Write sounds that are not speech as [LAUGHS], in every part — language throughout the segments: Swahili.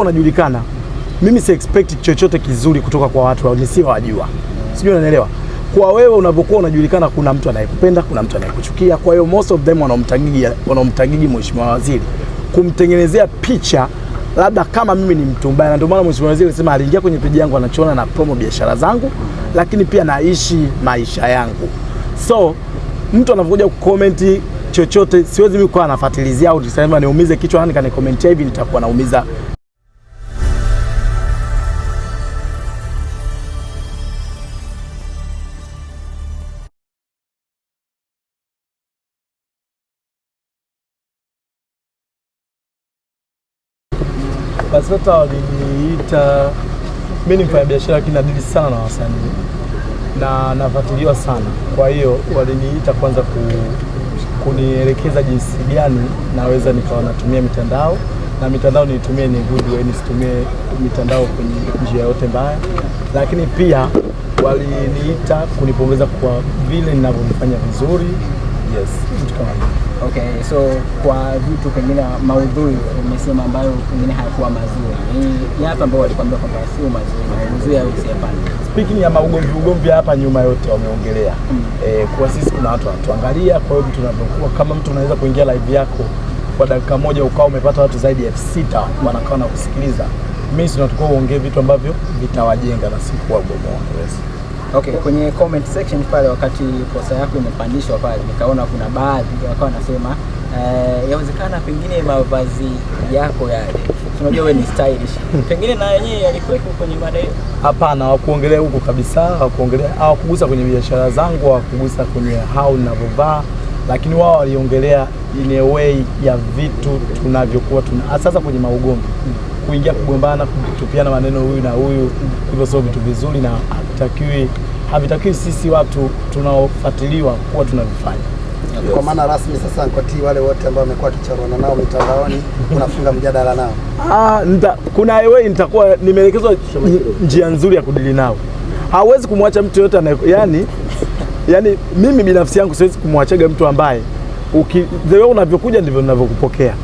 unajulikana. Mimi si expect chochote kizuri kutoka kwa watu nisiowajua, sijui unanielewa. Kwa wewe unavyokuwa unajulikana, kuna mtu anayekupenda, kuna mtu anayekuchukia. Kwa hiyo most of them wanaomtagigi wanaomtagigi mheshimiwa waziri kumtengenezea picha labda kama mimi ni mtu mbaya, na ndio maana mheshimiwa waziri alisema aliingia kwenye peji yangu anachoona na promo biashara zangu, lakini pia naishi maisha yangu. So mtu anapokuja kucomment chochote, siwezi mimi kuwa nafuatilizia au nisema niumize kichwa nani kanikomentia hivi, nitakuwa naumiza BASVETA waliniita mimi ni mfanya biashara lakini nadili sana na wasanii na nafuatiliwa sana, kwa hiyo waliniita kwanza ku, kunielekeza jinsi gani naweza nikawa natumia mitandao na mitandao niitumie ni good way, nisitumie mitandao kwenye njia yote mbaya, lakini pia waliniita kunipongeza kwa vile ninavyofanya vizuri Yes. Okay, so kwa vitu pengine maudhui umesema ambayo pengine hayakuwa mazuri. Ni yapi ambayo walikwambia kwamba sio mazuri? Speaking ya maugomvi ugomvi hapa nyuma yote wameongelea. Mm. kwa sisi kuna watu wanatuangalia kwa hiyo tunavyokuwa kama mtu unaweza kuingia live yako kwa dakika moja ukawa umepata watu zaidi ya elfu sita wanakaa na kusikiliza. Mimi sinatukua uongee vitu ambavyo vitawajenga na si kuwabomoa. Yes. Okay, kwenye comment section pale, wakati posa yako imepandishwa pale, nikaona kuna baadhi wakawa wanasema uh, yawezekana pengine mavazi yako yale unajua wewe ni stylish, pengine na yeye yalikuwepo kwenye mada hiyo. Hapana, hawakuongelea huko kabisa, hawakuongelea, hawakugusa kwenye biashara zangu, hawakugusa kwenye hao ninavyovaa, lakini wao waliongelea in a way ya vitu tunavyokuwa tuna sasa kwenye maugomvi kuingia kugombana, kutupiana maneno huyu na huyu, hivyo sio vitu vizuri na hatutakiwi havitakiwi sisi watu tunaofuatiliwa kuwa tunavifanya. Yes. Kwa maana rasmi sasa nkotii wale wote ambao wamekuwa wakichorana nao mitandaoni unafunga [LAUGHS] mjadala nao? Ah, nita, kuna wewe nitakuwa nimeelekezwa njia nzuri ya kudili nao. Hawezi kumwacha mtu yote anaye yani, yani mimi binafsi yangu siwezi kumwachaga mtu ambaye wewe unavyokuja ndivyo ninavyokupokea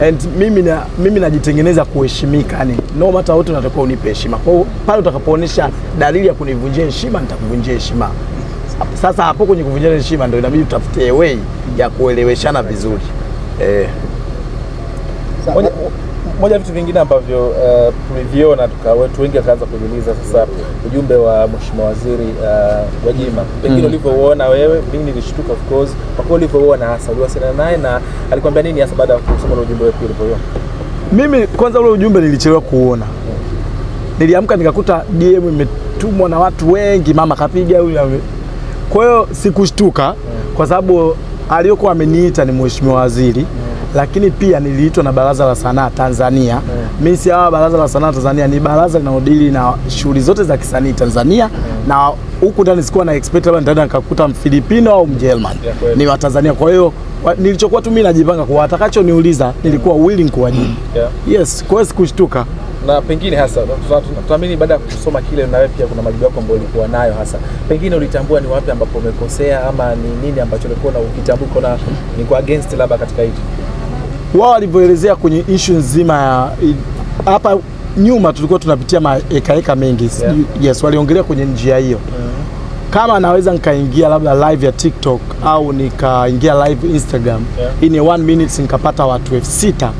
and mimi na mimi najitengeneza kuheshimika, yani no matter wote unatakiwa unipe heshima. Kwa hiyo pale utakapoonyesha dalili ya kunivunjia heshima nitakuvunjia heshima. Sasa hapo kwenye kuvunjia heshima ndio inabidi utafute way ya kueleweshana vizuri eh moja vitu vingine ambavyo uh, tuliviona watu wengi wakaanza kujiuliza sasa, ujumbe wa mheshimiwa waziri uh, Gwajima pengine mm. ulivyouona wewe, mimi nilishtuka of course kwa kweli ulivyouona hasa, uliwasiliana naye na alikwambia nini hasa baada ya kusoma ujumbe wake ulivyoona? Mimi kwanza ule ujumbe nilichelewa kuona niliamka nikakuta DM imetumwa na watu wengi, mama kapiga huyu. Kwa hiyo sikushtuka mm. kwa sababu aliyokuwa ameniita ni mheshimiwa waziri mm lakini pia niliitwa na Baraza la Sanaa Tanzania yeah. Mimi si hawa Baraza la Sanaa Tanzania ni baraza linalodili na shughuli zote za kisanii Tanzania yeah. Na huku ndani sikuwa na expect labda nitaenda nikakuta Mfilipino au Mjerman yeah, ni wa Tanzania. Kwa hiyo nilichokuwa tu mimi najipanga kwa atakachoniuliza nilikuwa mm. willing kuwajibu mm. yeah. Yes, kwa hiyo sikushtuka na pengine hasa tunaamini baada ya kusoma kile, na wewe pia kuna majibu yako ambayo ulikuwa nayo, hasa pengine ulitambua ni wapi ambapo umekosea ama ni nini ambacho ulikuwa na ukitambua kuna ni kwa against labda katika hicho wao walivyoelezea kwenye ishu nzima ya hapa nyuma tulikuwa tunapitia maekaeka mengi yeah. Yes, waliongelea kwenye njia hiyo mm. Kama naweza nikaingia labda live ya TikTok mm. au nikaingia live Instagram yeah. in one minutes nikapata watu elfu sita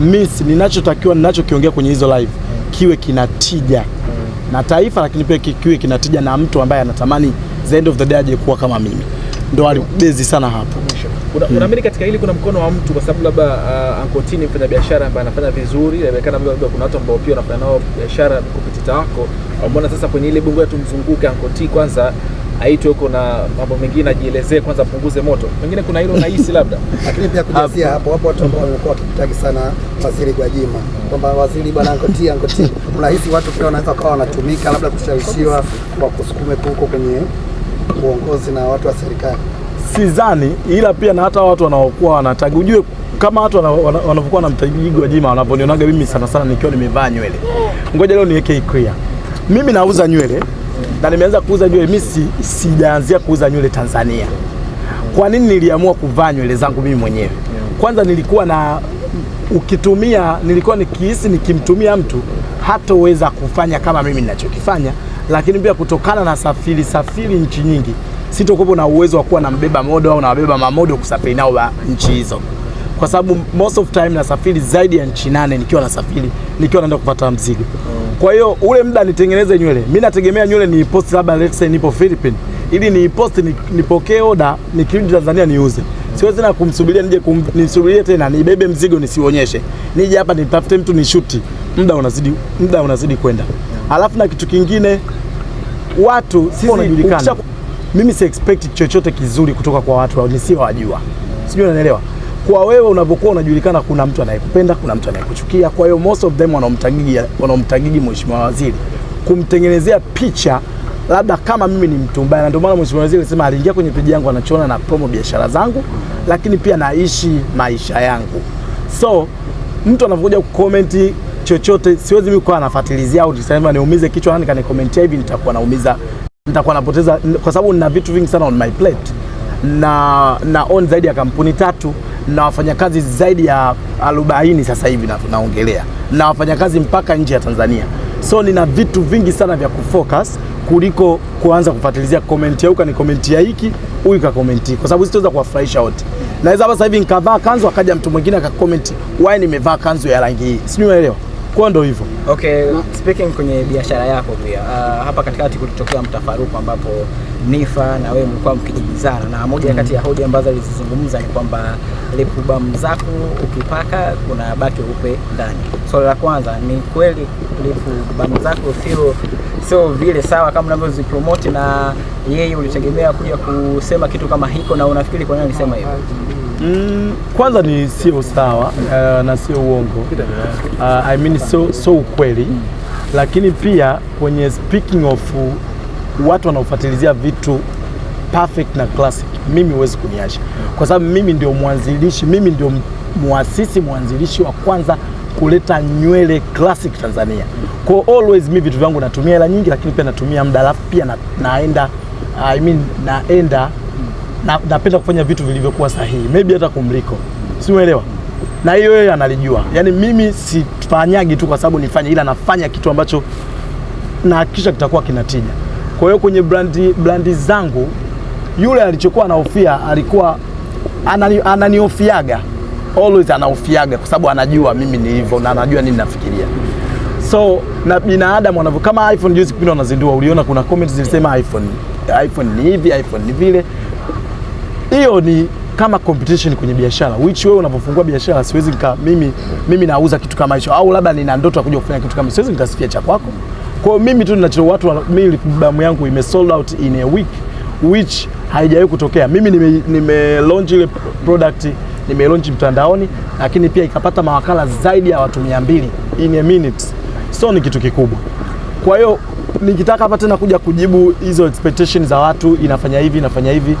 mm. miss ninachotakiwa ninachokiongea kwenye hizo live mm. kiwe kinatija mm. na taifa, lakini pia kiwe kinatija na mtu ambaye anatamani the end of the day aje kuwa kama mimi ndo alibezi sana hapo. Unaamini katika hili kuna mkono wa mtu, kwa sababu labda Ankotini uh, mfanya biashara ambaye anafanya vizuri, inawezekana labda kuna watu ambao pia wanafanya nao biashara kupitita wako, mbona sasa kwenye ile bongo yetu mzunguke Ankotini kwanza aitwe huko na mambo mengine ajielezee kwanza, punguze moto pengine, kuna hilo nahisi [LAUGHS] labda. Lakini pia kujazia hapo, wapo watu ambao wamekuwa wakimtaki sana waziri Gwajima kwamba waziri bwana Ankoti Ankoti. Unahisi watu pia wanaweza wakawa wanatumika labda kushawishiwa kwa kusukume huko kwenye uongozi na watu wa serikali sidhani, ila pia na hata watu wanaokuwa wanataka ujue kama watu wanavyokuwa na wa jima wanavyonionaga mimi sana sana nikiwa nimevaa nywele. Ngoja leo niweke clear, mimi nauza nywele na nimeanza kuuza nywele. Mimi si, sijaanzia kuuza nywele Tanzania. Kwa nini niliamua kuvaa nywele zangu mimi mwenyewe? Kwanza nilikuwa na ukitumia, nilikuwa nikihisi nikimtumia mtu hatoweza kufanya kama mimi ninachokifanya lakini pia kutokana na safiri safiri nchi nyingi, sitokuwa na uwezo wa kuwa na mbeba modo au nawabeba mamodo kusafiri nao nchi hizo, kwa sababu most of time nasafiri zaidi ya nchi nane nikiwa nasafiri, nikiwa naenda kupata mzigo. Kwa hiyo ule muda nitengeneze nywele, mi nategemea nywele ni post, labda let's say nipo Philippine, ili ni post nipokee oda, nikirudi Tanzania niuze siwezi na kumsubiria nije kum, nisubirie tena nibebe mzigo nisionyeshe, nije hapa nitafute mtu nishuti. Muda unazidi, muda unazidi kwenda alafu na kitu kingine watu sisi, mimi si expect chochote kizuri kutoka kwa watu nisiowajua, sijui unanielewa. Kwa wewe unavyokuwa unajulikana, kuna mtu anayekupenda, kuna mtu anayekuchukia. Kwa hiyo most of them wanaomtagigi wanaomtagigi mheshimiwa waziri kumtengenezea picha labda kama mimi ni mtu mbaya, na ndio maana mheshimiwa waziri alisema aliingia kwenye peji yangu anachoona na promo biashara zangu, lakini pia naishi maisha yangu. So mtu anapokuja kucomment chochote, siwezi mimi kuwa nafuatilizia au nisema niumize kichwa nani kanikomentia hivi, nitakuwa naumiza, nitakuwa napoteza, kwa sababu nina vitu vingi sana on my plate na na on zaidi ya kampuni tatu na wafanyakazi zaidi ya arobaini sasa hivi naongelea, na, na wafanyakazi mpaka nje ya Tanzania, so nina vitu vingi sana vya kufocus kuliko kuanza kufuatilizia komenti huyu kanikomentia hiki, huyu ka kakomenti, kwa sababu sitaweza kuwafurahisha wote. Naweza hapa sasa hivi nikavaa kanzu akaja mtu mwingine akakomenti, why nimevaa kanzu ya rangi hii, sijui unaelewa kwa ndo hivyo. Okay, speaking kwenye biashara yako pia uh, hapa katikati kulitokea mtafaruku ambapo Nifa na wewe mlikuwa mkijibizana na moja mm. kati ya hoja ambazo alizizungumza ni kwamba lipubamu zako ukipaka kuna baki upe ndani. Swali so, la kwanza ni kweli lipubamu zako sio sio vile sawa kama unavyozipromote, na yeye ulitegemea kuja kusema kitu kama hiko, na unafikiri kwa nini alisema hivyo? Mm, kwanza ni sio sawa uh, na sio uongo uh, I mean so, so ukweli, lakini pia kwenye speaking of watu wanaofuatilizia vitu perfect na classic, mimi huwezi kuniacha kwa sababu mimi ndio mwanzilishi, mimi ndio muasisi mwanzilishi wa kwanza kuleta nywele classic Tanzania. Kwa always mimi vitu vyangu natumia hela nyingi, lakini pia natumia muda, alafu pia na, naenda I mean naenda na napenda kufanya vitu vilivyokuwa sahihi, maybe hata kumliko, si umeelewa? Na hiyo yeye analijua. Yaani mimi sifanyagi tu kwa sababu nifanye, ila nafanya kitu ambacho nahakikisha kitakuwa kinatija. Kwa hiyo kwenye brandi, brandi zangu yule alichokuwa anahofia alikuwa anani, ananihofiaga always anahofiaga kwa sababu anajua mimi ni hivyo na anajua nini nafikiria. So na binadamu wanavyo, kama iPhone juzi kipindi wanazindua, uliona kuna comments zilisema iPhone iPhone ni hivi, iPhone ni vile hiyo ni kama competition kwenye biashara, which wewe unapofungua biashara, siwezi nika mimi, mimi nauza kitu kama hicho, au labda nina ndoto ya kuja kufanya kitu kama, siwezi nikasifia cha kwako. Kwa hiyo mimi tu ninacho watu, mimi albamu yangu ime sold out in a week which haijawahi kutokea. Mimi nime, nime launch ile product nime launch mtandaoni, lakini pia ikapata mawakala zaidi ya watu 200 in a minute, so ni kitu kikubwa. Kwa hiyo nikitaka hapa tena kuja kujibu hizo expectation za watu, inafanya hivi inafanya hivi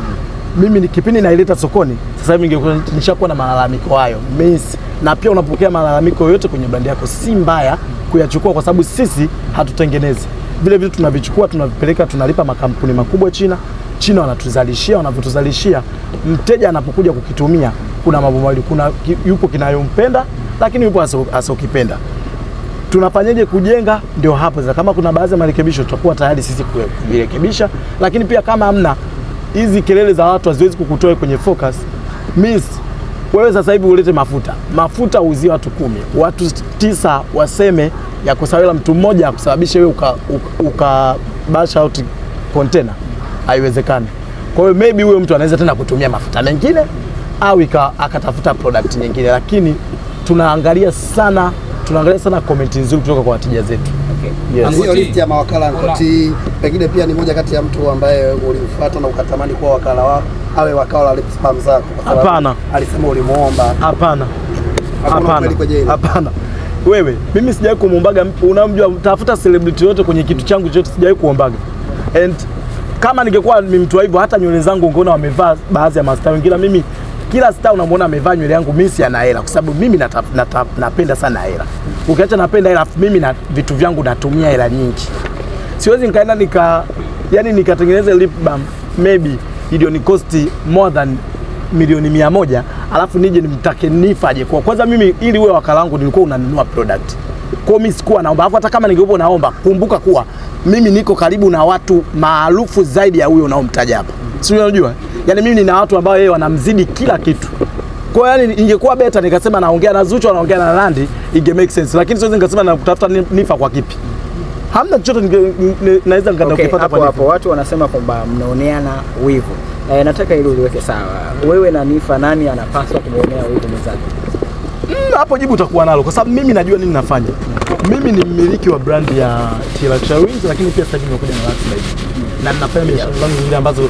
mimi ni kipindi naileta sokoni sasa hivi ningekuwa nishakuwa na malalamiko hayo means, Na pia unapokea malalamiko yote kwenye brand yako, si mbaya kuyachukua, kwa sababu sisi hatutengenezi vile vitu, tunavichukua tunavipeleka, tunalipa makampuni makubwa China. China wanatuzalishia, wanavyotuzalishia, mteja anapokuja kukitumia, kuna mambo mawili, kuna yupo kinayompenda, lakini yupo asokipenda tunafanyaje kujenga? Ndio hapo sasa, kama kuna baadhi ya marekebisho tutakuwa tayari sisi kuvirekebisha, lakini pia kama hamna hizi kelele za watu haziwezi kukutoa kwenye focus. Miss, wewe sasa hivi ulete mafuta, mafuta uuzie watu kumi, watu tisa waseme ya kusawela mtu mmoja akusababisha wewe uka, uka, uka bash out container, haiwezekani. Kwa hiyo maybe huyo mtu anaweza tena kutumia mafuta mengine au akatafuta product nyingine, lakini tunaangalia sana tunaangalia sana komenti nzuri kutoka kwa wateja zetu hiyo listi ya mawakala Ankoti pengine pia ni moja kati ya mtu ambaye ulimfuata na ukatamani kuwa wakala wa awe wakala wa spam zako? Hapana, alisema ulimuomba. Hapana, hapana, hapana. Wewe, mimi sijawahi kumwombaga. Unamjua, tafuta celebrity yote kwenye kitu changu chote, sijawahi kuombaga and kama ningekuwa ni mtu hivyo, hata nywele zangu ungeona wamevaa baadhi ya mastaa wengine, mimi kila star unamwona amevaa nywele yangu, mimi si ana hela, kwa sababu mimi nata, nata, napenda sana hela. Ukiacha napenda hela, mimi na vitu vyangu natumia hela nyingi. Siwezi nikaenda nika yani nikatengeneza lip balm maybe ndio ni cost more than milioni mia moja alafu nije nimtake nifaje? Kwa kwanza mimi ili uwe wakalangu nilikuwa unanunua product. Kwa mimi sikuwa naomba. Alafu hata kama ningeupo naomba, kumbuka kuwa mimi niko karibu na watu maarufu zaidi ya huyo unaomtaja hapa. Si unajua? yani mimi nina watu ambao yeye wanamzidi kila kitu. Kwa yani ingekuwa beta nikasema naongea na Zuchu naongea na Nandy inge make sense, lakini siwezi nikasema na kutafuta nifa kwa kipi? Hamna chochote naweza nikaenda kupata kwa hapo. Watu wanasema kwamba mnaoneana wivu. E, nataka ili uliweke sawa. Wewe na Nifa, nani anapaswa kumuonea wivu mwenzake? Mm, hapo jibu utakuwa nalo kwa sababu mimi najua nini nafanya. Mimi ni mmiliki wa brand ya Tilaksha Wings, lakini pia sasa nimekuja na Luxlite na ninafanya biashara zangu zingine ambazo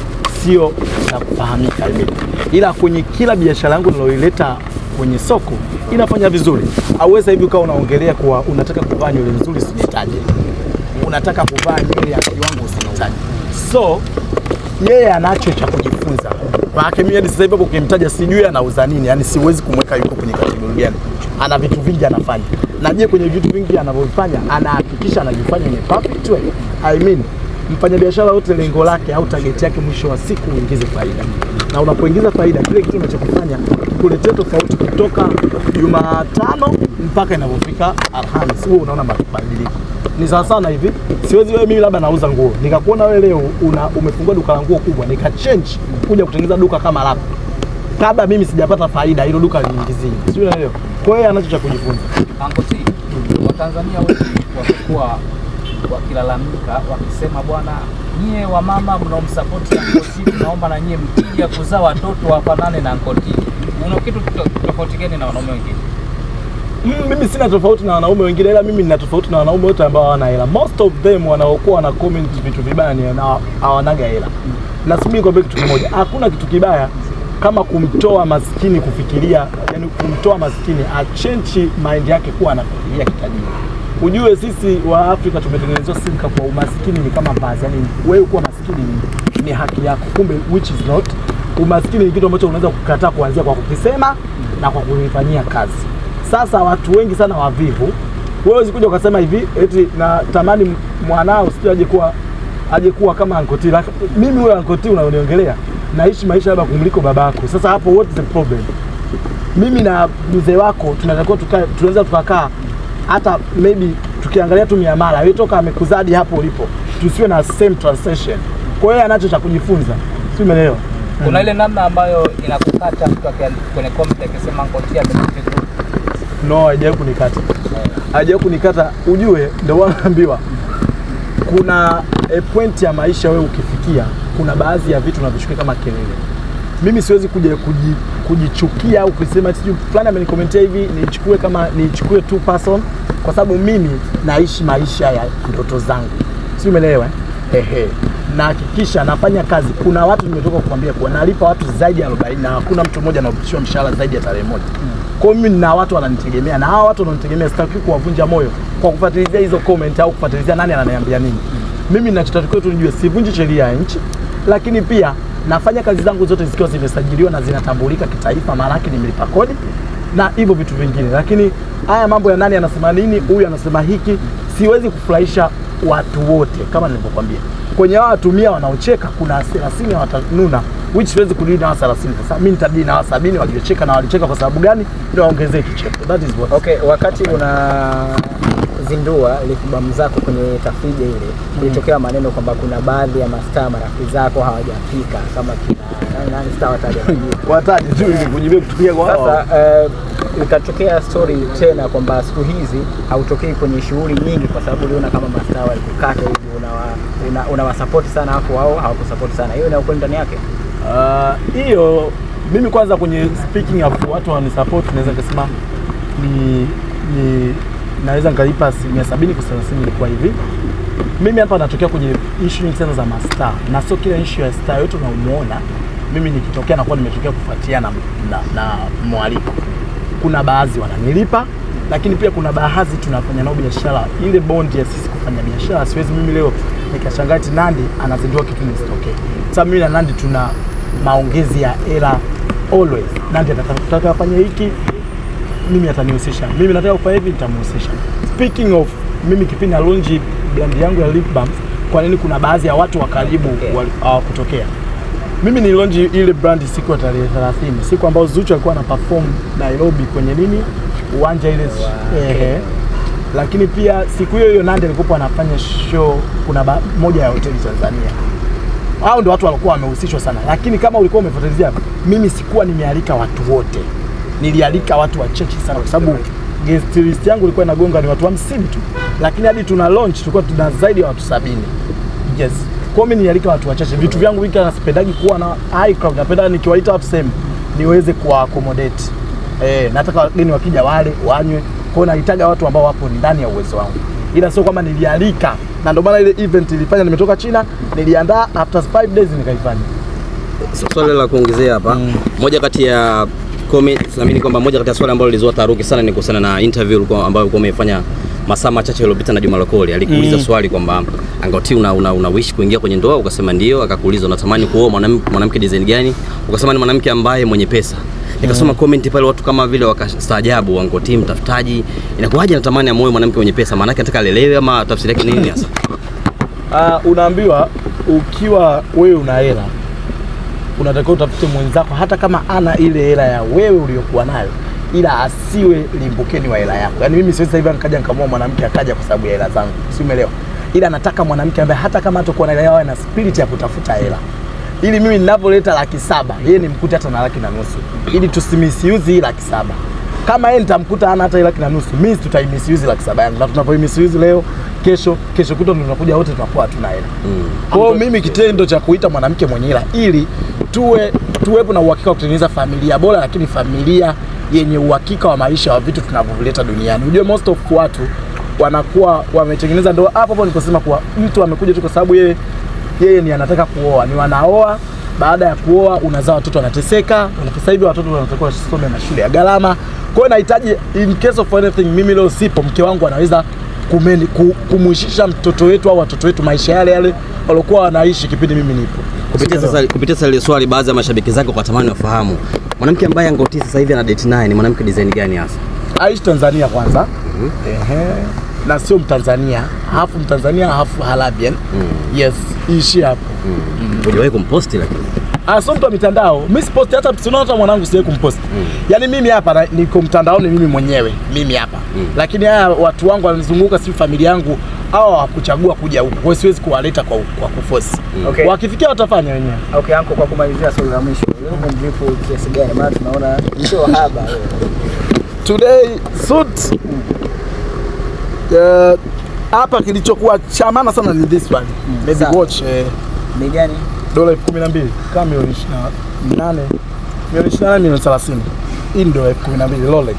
sio za kufahamika, mimi, ila kwenye kila biashara yangu niloileta kwenye soko inafanya vizuri. Auweza hivi ukawa unaongelea kuwa unataka kuvaa nywele nzuri, sinahitaji unataka kuvaa nywele ya kiwango, usinihitaji. So yeye anacho cha kujifunza maake mimi sasa hivi ukimtaja sijui anauza nini, yani siwezi kumweka yuko kwenye kategoria gani. Ana vitu vingi anafanya, na je, kwenye vitu vingi anavyofanya anahakikisha anajifanya ni perfect way. I mean mfanyabiashara yote lengo lake au target yake mwisho wa siku uingize faida, na unapoingiza faida, kile kitu unachokifanya kuletea tofauti kutoka Jumatano mpaka inapofika Alhamisi, wewe unaona mabadiliko ni sawa sana hivi. Siwezi wewe, mimi labda nauza nguo, nikakuona wewe leo una umefungua duka la nguo kubwa, nika change kuja kutengeneza duka kama lako, kabla mimi sijapata faida, hilo duka liniingizie, sio? Unaelewa? Kwa hiyo anacho cha kujifunza Watanzania wote kwa wakilalamika wakisema, bwana, nyie wamama mnaomsapoti Ankoti, tunaomba na nyie mkija kuzaa watoto wafanane na Ankoti. Una kitu tofauti gani na wanaume wengine? Mm, mimi sina tofauti na wanaume wengine, ila mimi nina tofauti na wanaume wote ambao hawana hela. Most of them wanaokuwa na comment vitu vibaya ni hawanaga hela. Na simi nikwambie kitu kimoja, hakuna kitu kibaya kama kumtoa maskini kufikiria, yani kumtoa maskini achenji mind yake kuwa anafikiria kitajiri. Ujue sisi wa Afrika tumetengenezwa simka kwa umaskini ni kama vazi, yani wewe kuwa maskini ni haki yako, kumbe which is not. Umaskini ni kitu ambacho unaweza kukataa kuanzia kwa kukisema na kwa kuifanyia kazi. Sasa watu wengi sana wavivu, wewe usikuja ukasema hivi eti natamani mwanao sijui aje kuwa aje kuwa kama ankoti Mimi huyo ankoti unaoniongelea naishi maisha labda kumliko babako. Sasa hapo what is the problem? Mimi na mzee wako tunatakiwa tunaweza tukakaa hata maybe tukiangalia tu miamala wewe toka amekuzadi hapo ulipo, tusiwe na same transaction. Kwa hiyo anacho cha kujifunza, si umeelewa? Kuna ile namna ambayo inakukata mtu kwenye comment akisema ngotia amekupiga. No, haijawahi kunikata, haijawahi kunikata. Ujue ndio wanaambiwa kuna a point ya maisha, wewe ukifikia, kuna baadhi ya vitu unavishukia kama kelele. Mimi siwezi kuja kuji kujichukia au kusema sijui fulani amenikomentia hivi, nichukue kama nichukue tu person, kwa sababu mimi naishi maisha ya ndoto zangu, si umeelewa? Eh? Ehe, nahakikisha nafanya kazi. Kuna watu nimetoka kukwambia kuwa nalipa watu zaidi ya 40 na hakuna mtu mmoja anaopishwa mshahara zaidi ya tarehe moja. Kwa hiyo mimi na watu wananitegemea, na hawa watu wananitegemea, sitaki kuwavunja moyo kwa kufuatilia hizo comment au kufuatilia nani ananiambia nini. Mimi ninachotakiwa tu nijue sivunji sheria ya nchi, lakini pia nafanya kazi zangu zote zikiwa zimesajiliwa na zinatambulika kitaifa, maana yake nimelipa kodi na hivyo vitu vingine. Lakini haya mambo ya nani anasema nini, huyu anasema hiki, siwezi kufurahisha watu wote kama nilivyokwambia. Kwenye hao watumia wanaocheka kuna thelathini watanuna which siwezi kudili na hasa 30. Sasa mimi nitadili na hasa 70 na walicheka kwa sababu gani? Ili waongezee kicheko. That is what. Okay, wakati una zindua likibamu zako kwenye tafrija ile ilitokea mm. maneno kwamba kuna baadhi ya mastaa marafiki zako hawajafika kama nani star wataja wataja tu ili kujibia kutukia kwa sasa eh, ikatokea story tena kwamba siku hizi hautokei kwenye shughuli nyingi kwa sababu uliona kama mastaa walikukata hivi unawasapoti una, una, sana hapo wao hawakusapoti sana hiyo ina ndani yake hiyo uh, mimi kwanza kwenye speaking of watu wanisupport naweza nikasema ni, ni naweza nikaipa asilimia sabini kwa thelathini ilikuwa hivi. Mimi hapa natokea kwenye issue nyingi sana za mastaa, na sio kila issue ya star yote unamuona mimi nikitokea nakuwa nimetokea kufuatia na, na, na mwaliko. Kuna baadhi wananilipa, lakini pia kuna baadhi tunafanya nao biashara. Ile bondi ya sisi kufanya biashara, siwezi mimi leo nikashangaa eti Nandy anazindua kitu nisitokee. Sasa mimi na Nandy tuna maongezi ya hela always. Nani atataka afanye hiki, mimi atanihusisha, mimi nataka kufanya hivi, nitamhusisha. Speaking of mimi, kipindi alonji brand yangu ya lip balm, kwa nini kuna baadhi ya watu wa karibu hawakutokea? Mimi Mimi launch ile brand siku ya tarehe 30, siku ambayo Zuchu alikuwa na perform Nairobi kwenye nini uwanja ile. Wow. Ehe. Lakini pia siku hiyo hiyo Nandi alikuwa anafanya show kuna moja ya hoteli Tanzania hao ndio watu walikuwa wamehusishwa sana, lakini kama ulikuwa umefuatilia, mimi sikuwa nimealika watu wote, nilialika watu wachache sana, kwa sababu guest list yangu ilikuwa inagonga ni watu hamsini tu, lakini hadi tuna launch tulikuwa tuna zaidi ya watu sabini. Yes, kwa mimi nilialika watu wachache. Vitu vyangu vingi nasipendagi kuwa na high crowd, napenda nikiwaita watu same niweze kuwa accommodate eh, nataka wageni wakija wale wanywe, kwa hiyo nahitaji watu ambao wapo ndani ya uwezo wangu, ila sio kwamba nilialika na ndio maana ile event ilifanya, nimetoka China niliandaa after 5 days nikaifanya. Swali la kuongezea hapa mm. moja kati ya comment naamini kwamba moja kati ya swali ambalo lilizua taharuki sana ni kuhusiana na interview ambayo ulikuwa umeifanya masaa machache yaliyopita na Juma Lokoli alikuuliza mm. swali kwamba Angauti una, una, una wish kuingia kwenye ndoa, ukasema ndio. Akakuuliza unatamani kuoa mwanamke mwanamke design gani? Ukasema ni mwanamke ambaye mwenye pesa. Nikasoma mm. comment pale watu kama vile wakastaajabu, Angauti mtafutaji, inakuwaje anatamani amoe mwanamke mwenye pesa? Maana yake anataka alelewe, ama tafsiri yake nini hasa? Uh, [LAUGHS] unaambiwa ukiwa wewe una hela unatakiwa utafute mwenzako hata kama ana ile hela ya wewe uliyokuwa nayo ila asiwe limbukeni wa hela yako. Yaani mimi siwezi sasa hivi nikaja nikamua mwanamke akaja kwa sababu ya hela zangu, si umeelewa? Ila nataka mwanamke ambaye hata kama atakuwa na hela yao ana spirit ya kutafuta hela, ili mimi ninapoleta laki saba yeye nimkute hata na laki na nusu, ili tusimisiuzi hii laki saba. Kama yeye nitamkuta ana hata laki na nusu, mimi tutaimisiuzi laki saba yangu, na tunapoimisiuzi leo kesho kesho kutwa tunakuja wote tunakuwa hatuna hela. Mm. Kwa hiyo mimi kitendo cha kuita mwanamke mwenye hela ili tuwe tuwepo na uhakika wa kutengeneza familia bora, lakini familia yenye uhakika wa maisha wa vitu tunavyoleta duniani. Unajua most of watu wanakuwa wametengeneza ndoa hapo hapo, nikosema kuwa mtu amekuja tu kwa sababu yeye yeye ni anataka kuoa, ni wanaoa baada ya kuoa unazaa watoto wanateseka. Sasa hivi watoto wanatakiwa wasome na shule ya gharama. Kwa hiyo nahitaji, in case of anything, mimi leo sipo, mke wangu anaweza kumuishisha mtoto wetu au watoto wetu maisha yale yale waliokuwa wanaishi kipindi mimi nipo. Kupitia sasa, kupitia sasa ile swali, baadhi ya mashabiki zako kwa tamani wafahamu Mwanamke ambaye angoti sasa hivi ana date naye ni mwanamke design gani hasa? Aishi Tanzania kwanza. mm -hmm. Ehe. Na sio Mtanzania, hafu Mtanzania hafu Arabian. mm. Yes, ishi hapo. Mm. Mm. Uliwahi kumposti lakini? Ah, sio mtu wa mitandao. Mimi siposti hata sio hata mwanangu siye kumposti. Mm. Yaani mimi hapa niko mtandaoni mimi mwenyewe, mimi hapa. Mm. Lakini haya watu wangu wanazunguka si familia yangu hawa wakuchagua kuja huku, kwa hiyo siwezi kuwaleta kwa, kwa kuforce mm. okay. Wakifikia watafanya wenyewe. Okay anko, kwa kumalizia swali la mwisho, wewe mlipo kiasi gani? Maana tunaona sio haba today suit eh, hapa uh, kilichokuwa cha maana sana ni this one mm, maybe watch eh, ni gani? dola elfu kumi na mbili kama milioni ishirini na nane milioni ishirini na nane milioni thelathini hii ndio elfu kumi na mbili Rolex